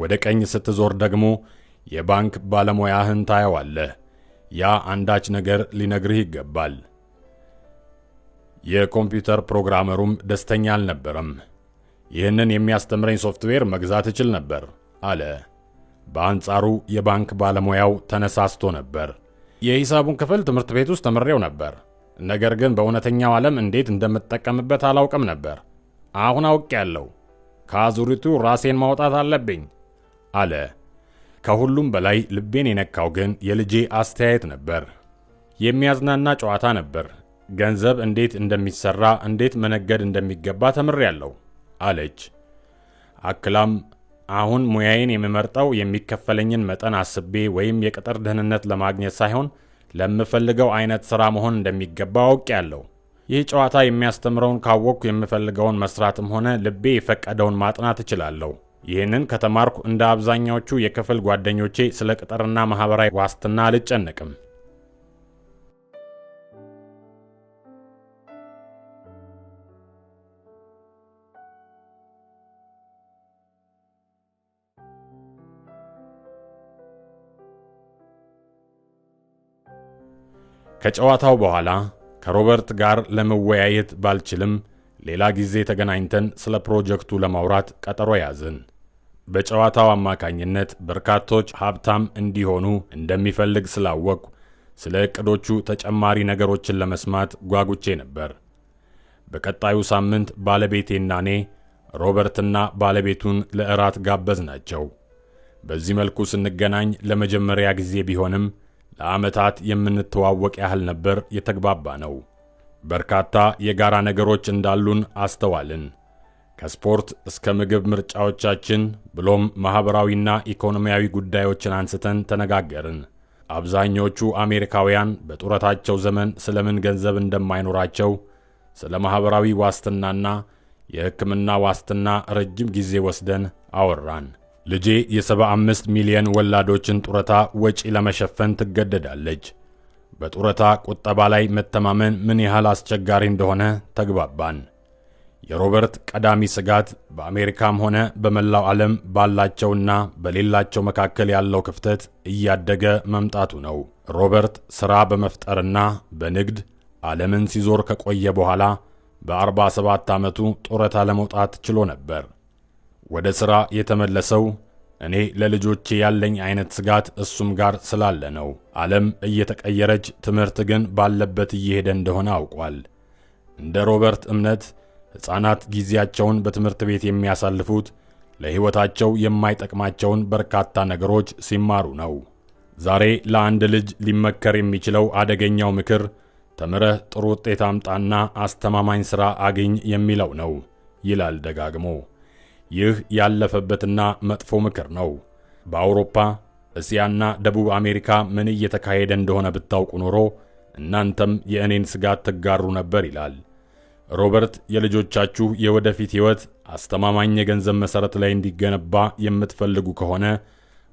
ወደ ቀኝ ስትዞር ደግሞ የባንክ ባለሙያህን ታየዋለህ። ያ አንዳች ነገር ሊነግርህ ይገባል። የኮምፒውተር ፕሮግራመሩም ደስተኛ አልነበረም። ይህንን የሚያስተምረኝ ሶፍትዌር መግዛት እችል ነበር አለ። በአንጻሩ የባንክ ባለሙያው ተነሳስቶ ነበር። የሂሳቡን ክፍል ትምህርት ቤት ውስጥ ተምሬው ነበር፣ ነገር ግን በእውነተኛው ዓለም እንዴት እንደምጠቀምበት አላውቅም ነበር። አሁን አውቅ ያለው ከአዙሪቱ ራሴን ማውጣት አለብኝ አለ። ከሁሉም በላይ ልቤን የነካው ግን የልጄ አስተያየት ነበር። የሚያዝናና ጨዋታ ነበር። ገንዘብ እንዴት እንደሚሰራ፣ እንዴት መነገድ እንደሚገባ ተምሬያለሁ አለች። አክላም አሁን ሙያዬን የምመርጠው የሚከፈለኝን መጠን አስቤ ወይም የቅጥር ደህንነት ለማግኘት ሳይሆን ለምፈልገው አይነት ሥራ መሆን እንደሚገባ አውቄያለሁ። ይህ ጨዋታ የሚያስተምረውን ካወቅኩ የምፈልገውን መስራትም ሆነ ልቤ የፈቀደውን ማጥናት እችላለሁ ይህንን ከተማርኩ እንደ አብዛኛዎቹ የክፍል ጓደኞቼ ስለ ቅጥርና ማኅበራዊ ዋስትና አልጨነቅም። ከጨዋታው በኋላ ከሮበርት ጋር ለመወያየት ባልችልም ሌላ ጊዜ ተገናኝተን ስለ ፕሮጀክቱ ለማውራት ቀጠሮ ያዝን። በጨዋታው አማካኝነት በርካቶች ሀብታም እንዲሆኑ እንደሚፈልግ ስላወቅኩ ስለ እቅዶቹ ተጨማሪ ነገሮችን ለመስማት ጓጉቼ ነበር። በቀጣዩ ሳምንት ባለቤቴና እኔ ሮበርትና ባለቤቱን ለእራት ጋበዝ ናቸው። በዚህ መልኩ ስንገናኝ ለመጀመሪያ ጊዜ ቢሆንም ለዓመታት የምንተዋወቅ ያህል ነበር የተግባባ ነው። በርካታ የጋራ ነገሮች እንዳሉን አስተዋልን። ከስፖርት እስከ ምግብ ምርጫዎቻችን ብሎም ማኅበራዊና ኢኮኖሚያዊ ጉዳዮችን አንስተን ተነጋገርን። አብዛኞቹ አሜሪካውያን በጡረታቸው ዘመን ስለምን ገንዘብ እንደማይኖራቸው፣ ስለ ማኅበራዊ ዋስትናና የሕክምና ዋስትና ረጅም ጊዜ ወስደን አወራን። ልጄ የ75 ሚሊዮን ወላዶችን ጡረታ ወጪ ለመሸፈን ትገደዳለች። በጡረታ ቁጠባ ላይ መተማመን ምን ያህል አስቸጋሪ እንደሆነ ተግባባን። የሮበርት ቀዳሚ ስጋት በአሜሪካም ሆነ በመላው ዓለም ባላቸውና በሌላቸው መካከል ያለው ክፍተት እያደገ መምጣቱ ነው። ሮበርት ሥራ በመፍጠርና በንግድ ዓለምን ሲዞር ከቆየ በኋላ በ47 ዓመቱ ጡረታ ለመውጣት ችሎ ነበር። ወደ ሥራ የተመለሰው እኔ ለልጆቼ ያለኝ አይነት ስጋት እሱም ጋር ስላለ ነው። ዓለም እየተቀየረች ትምህርት ግን ባለበት እየሄደ እንደሆነ አውቋል። እንደ ሮበርት እምነት ሕፃናት ጊዜያቸውን በትምህርት ቤት የሚያሳልፉት ለሕይወታቸው የማይጠቅማቸውን በርካታ ነገሮች ሲማሩ ነው። ዛሬ ለአንድ ልጅ ሊመከር የሚችለው አደገኛው ምክር ተምረህ ጥሩ ውጤት አምጣና አስተማማኝ ሥራ አግኝ የሚለው ነው ይላል ደጋግሞ። ይህ ያለፈበትና መጥፎ ምክር ነው። በአውሮፓ እስያና ደቡብ አሜሪካ ምን እየተካሄደ እንደሆነ ብታውቁ ኖሮ እናንተም የእኔን ስጋት ትጋሩ ነበር ይላል ሮበርት። የልጆቻችሁ የወደፊት ሕይወት አስተማማኝ የገንዘብ መሠረት ላይ እንዲገነባ የምትፈልጉ ከሆነ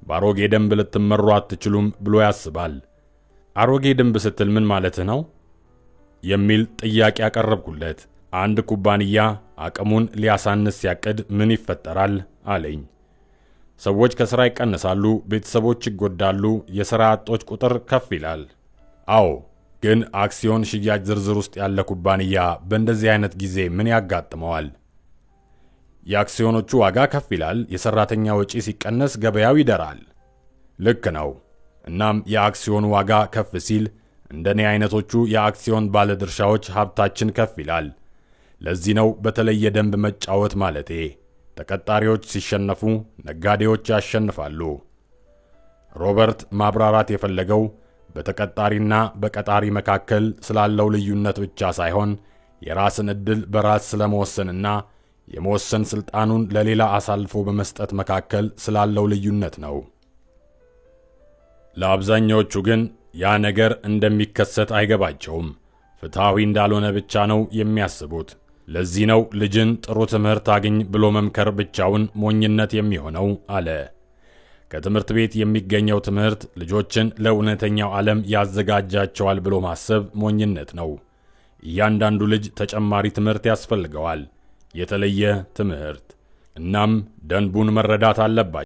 በአሮጌ ደንብ ልትመሩ አትችሉም ብሎ ያስባል። አሮጌ ደንብ ስትል ምን ማለትህ ነው? የሚል ጥያቄ ያቀረብኩለት አንድ ኩባንያ አቅሙን ሊያሳንስ ሲያቅድ ምን ይፈጠራል አለኝ። ሰዎች ከስራ ይቀንሳሉ፣ ቤተሰቦች ይጎዳሉ፣ የሥራ አጦች ቁጥር ከፍ ይላል። አዎ፣ ግን አክሲዮን ሽያጭ ዝርዝር ውስጥ ያለ ኩባንያ በእንደዚህ አይነት ጊዜ ምን ያጋጥመዋል? የአክሲዮኖቹ ዋጋ ከፍ ይላል፣ የሠራተኛ ወጪ ሲቀነስ ገበያው ይደራል። ልክ ነው። እናም የአክሲዮኑ ዋጋ ከፍ ሲል እንደኔ አይነቶቹ የአክሲዮን ባለድርሻዎች ሀብታችን ከፍ ይላል። ለዚህ ነው በተለየ የደንብ መጫወት ማለቴ። ተቀጣሪዎች ሲሸነፉ ነጋዴዎች ያሸንፋሉ። ሮበርት ማብራራት የፈለገው በተቀጣሪና በቀጣሪ መካከል ስላለው ልዩነት ብቻ ሳይሆን የራስን ዕድል በራስ ስለመወሰንና የመወሰን ስልጣኑን ለሌላ አሳልፎ በመስጠት መካከል ስላለው ልዩነት ነው። ለአብዛኛዎቹ ግን ያ ነገር እንደሚከሰት አይገባቸውም። ፍትሐዊ እንዳልሆነ ብቻ ነው የሚያስቡት። ለዚህ ነው ልጅን ጥሩ ትምህርት አግኝ ብሎ መምከር ብቻውን ሞኝነት የሚሆነው አለ። ከትምህርት ቤት የሚገኘው ትምህርት ልጆችን ለእውነተኛው ዓለም ያዘጋጃቸዋል ብሎ ማሰብ ሞኝነት ነው። እያንዳንዱ ልጅ ተጨማሪ ትምህርት ያስፈልገዋል፣ የተለየ ትምህርት። እናም ደንቡን መረዳት አለባቸው።